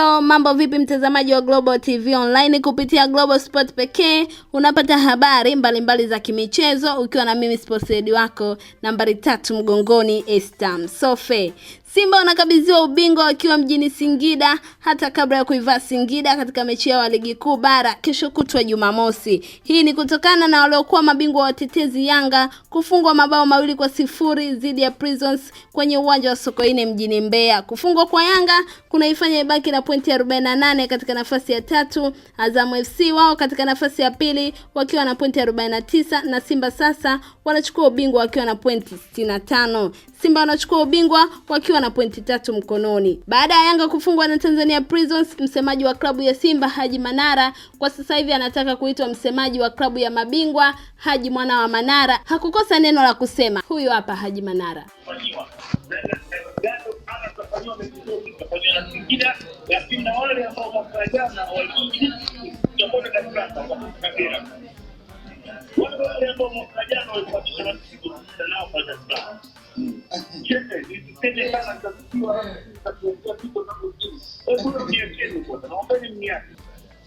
Hello, mambo vipi mtazamaji wa Global TV Online, kupitia Global Sport pekee unapata habari mbalimbali za kimichezo, ukiwa na mimi sports head wako nambari tatu mgongoni Estam Sofe. Simba wanakabidhiwa ubingwa wakiwa mjini Singida hata kabla ya kuivaa Singida katika mechi yao ya ligi kuu bara kesho kutwa Jumamosi. Hii ni kutokana na waliokuwa mabingwa watetezi Yanga kufungwa mabao mawili kwa sifuri dhidi ya Prisons kwenye uwanja wa Sokoine mjini Mbeya. Kufungwa kwa Yanga kunaifanya ibaki na pointi 48 katika nafasi ya tatu, Azam FC wao katika nafasi ya pili wakiwa na pointi 49 na Simba sasa wanachukua ubingwa wakiwa na pointi 65. Simba wanachukua ubingwa wakiwa na na pointi tatu mkononi. Baada ya Yanga kufungwa na Tanzania Prisons, msemaji wa klabu ya Simba Haji Manara kwa sasa hivi anataka kuitwa msemaji wa klabu ya mabingwa. Haji mwana wa Manara hakukosa neno la kusema. Huyu hapa Haji Manara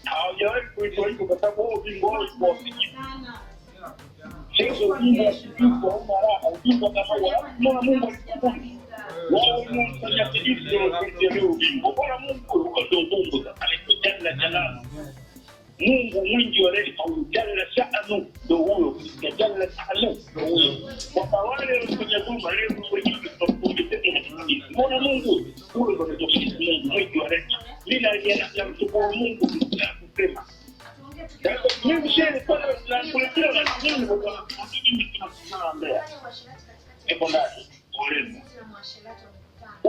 hawajawahi kuitwa hivyo kwa sababu huo ubingwa wao uko wafikivu. Sasa ubingwa wafikivu hauna raha, ubingwa kama mwana Mungu alikubali wao wanaofanya kijivu ndio kutia leo ubingwa. Bwana Mungu huko ndio Mungu alikuja na jalala Mungu mwingi wa reli Mbona Mungu huyo ndo ametokea Mungu mwingi wa rehema. Mimi namshukuru Mungu kwa kusema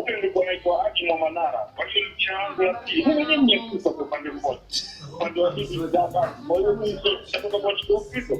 huyo alikuwa naitwa Haji mwa Manara, walimjia wangu ya pili. Mimi mwenyewe nimekufa kwa upande mmoja, Kwa wa hivi za basi. Kwa hiyo kwa natoka kwa Kristo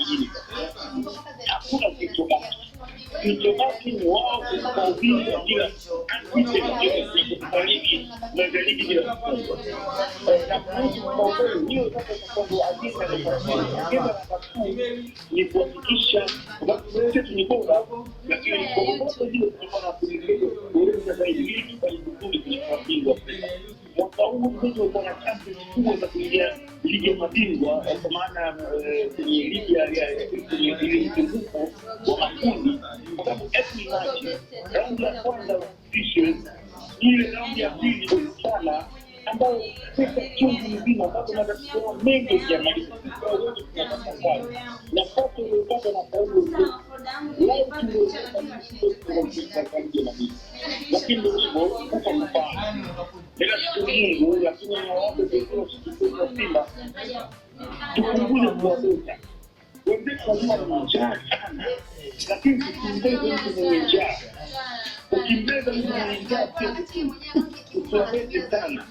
kupiga kila kuishi kila ni kuhakikisha sababu ni bora, lakini kwa hiyo tulikuwa na kuelekea zaidi ili tufanye vizuri kwenye mabingwa. Mwaka huu mchezo uko na chances kubwa za kuingia ligi ya mabingwa kwa maana kwenye ligi ya kwenye mzunguko wa makundi Raundi ya kwanza usishe ile raundi ya pili sana, ambayo pesa chungu mzima, bado matatizo mengi hujamaliza. Nafasi uliyopata na faulu lakini ndio hivyo kufa kufana. Ila shukuru Mungu, lakini nawaomba Simba tupunguze kuwabeza wenzetu wajua na njaa sana, lakini tusimbeze mtu mwenye njaa. Ukimbeza mtu mwenye njaa usimbeze sana.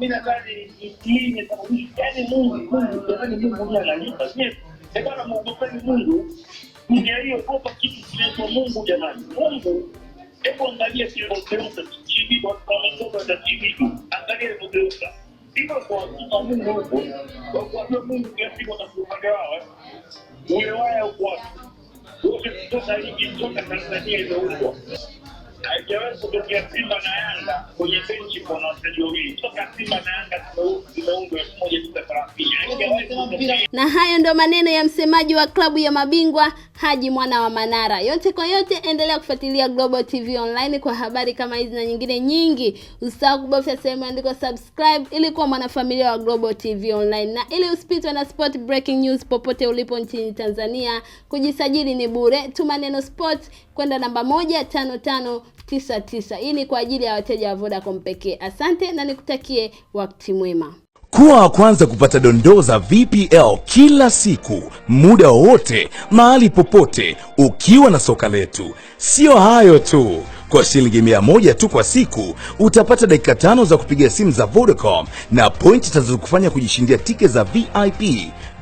Mi nadhani hii imesababisha yani, Mungu Mungu jamani, Mungu huyo analipa sekana, mwogopeni Mungu, mngeiogopa kitu kinaitwa Mungu. Jamani, Mungu, hebu angalia kiogeuza kijibibu, wamesoma za kijibibu, angalia alivyogeuza kuwasifa Mungu huku kwa kuwajua Mungu kila siku watakuwa upande wao, uwe waya uko wapi? Wote kutoka ligi kutoka Tanzania imeundwa, haijawahi kutokea Simba na Yanga kwenye benchi kwa wachezaji wawili kutoka Simba na Yanga tumeu na hayo ndo maneno ya msemaji wa klabu ya mabingwa Haji Mwana wa Manara. Yote kwa yote, endelea kufuatilia Global TV Online kwa habari kama hizi na nyingine nyingi. Usisahau kubofya sehemu andiko subscribe ili kuwa mwanafamilia wa Global TV Online, na ili usipitwe na sport breaking news popote ulipo nchini Tanzania. Kujisajili ni bure, tuma neno sport kwenda namba moja tano tano tisa tisa. Hii ni kwa ajili ya wateja wa Vodacom pekee. Asante na nikutakie wakati mwema. Kuwa wa kwanza kupata dondoo za VPL kila siku, muda wowote, mahali popote, ukiwa na soka letu. Sio hayo tu, kwa shilingi 1 tu kwa siku utapata dakika tano za kupiga simu za Vodacom na pointi tazokufanya kujishindia tiketi za VIP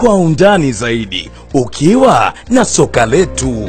kwa undani zaidi ukiwa na soka letu.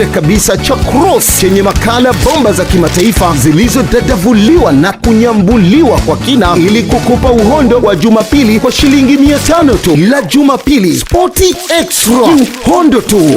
bure kabisa cha Cross chenye makala bomba za kimataifa zilizodadavuliwa na kunyambuliwa kwa kina ili kukupa uhondo wa Jumapili kwa shilingi mia tano tu. La Jumapili, Sporty Extra, uhondo tu.